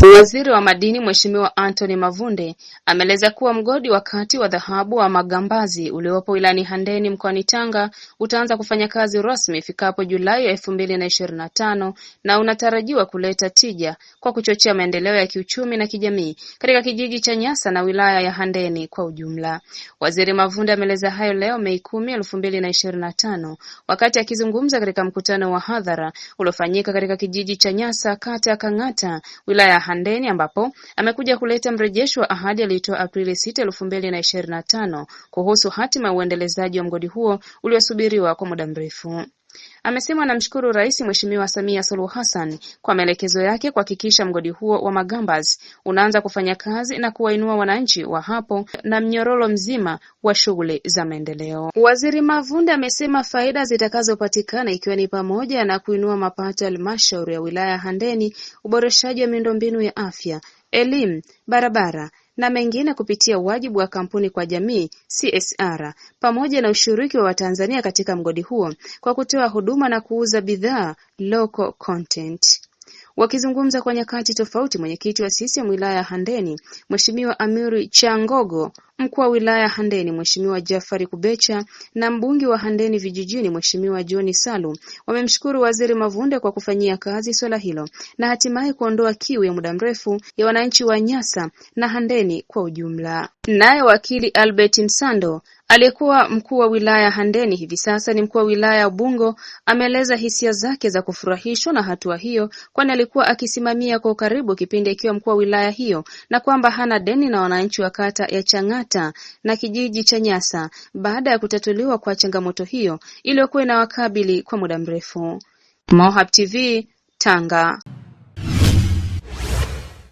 Waziri wa Madini Mheshimiwa Anthony Mavunde ameeleza kuwa mgodi wa kati wa dhahabu wa Magambazi uliopo wilayani Handeni mkoani Tanga utaanza kufanya kazi rasmi ifikapo Julai 2025 na na unatarajiwa kuleta tija kwa kuchochea maendeleo ya kiuchumi na kijamii katika kijiji cha Nyasa na wilaya ya Handeni kwa ujumla. Waziri Mavunde ameeleza hayo leo Mei 10, 2025 wakati akizungumza katika mkutano wa hadhara uliofanyika katika kijiji cha Nyasa kata ya Kang'ata wilaya ya Handeni ambapo amekuja kuleta mrejesho wa ahadi aliyotoa Aprili sita elfu mbili na ishirini na tano kuhusu hatima ya uendelezaji wa mgodi huo uliosubiriwa kwa muda mrefu. Amesema anamshukuru Rais Mheshimiwa Samia Suluhu Hassan kwa maelekezo yake kuhakikisha mgodi huo wa Magambas unaanza kufanya kazi na kuwainua wananchi wa hapo na mnyororo mzima wa shughuli za maendeleo. Waziri Mavunde amesema faida zitakazopatikana ikiwa ni pamoja na kuinua mapato ya halmashauri ya wilaya Handeni, uboreshaji wa miundombinu ya afya, elimu, barabara na mengine kupitia wajibu wa kampuni kwa jamii CSR pamoja na ushiriki wa Watanzania katika mgodi huo kwa kutoa huduma na kuuza bidhaa local content. Wakizungumza kwa nyakati tofauti mwenyekiti wa CCM wilaya ya Handeni Mheshimiwa Amiri Changogo, mkuu wa wilaya ya Handeni Mheshimiwa Jafari Kubecha na mbunge wa Handeni Vijijini Mheshimiwa John Salu wamemshukuru Waziri Mavunde kwa kufanyia kazi swala hilo na hatimaye kuondoa kiu ya muda mrefu ya wananchi wa Nyasa na Handeni kwa ujumla. Naye wakili Albert Msando Aliyekuwa mkuu wa wilaya Handeni hivi sasa ni mkuu wa wilaya Ubungo ameeleza hisia zake za kufurahishwa na hatua hiyo, kwani alikuwa akisimamia kwa ukaribu kipindi akiwa mkuu wa wilaya hiyo, na kwamba hana deni na wananchi wa kata ya Chang'ata na kijiji cha Nyasa baada ya kutatuliwa kwa changamoto hiyo iliyokuwa inawakabili kwa muda mrefu. MOHAB TV Tanga.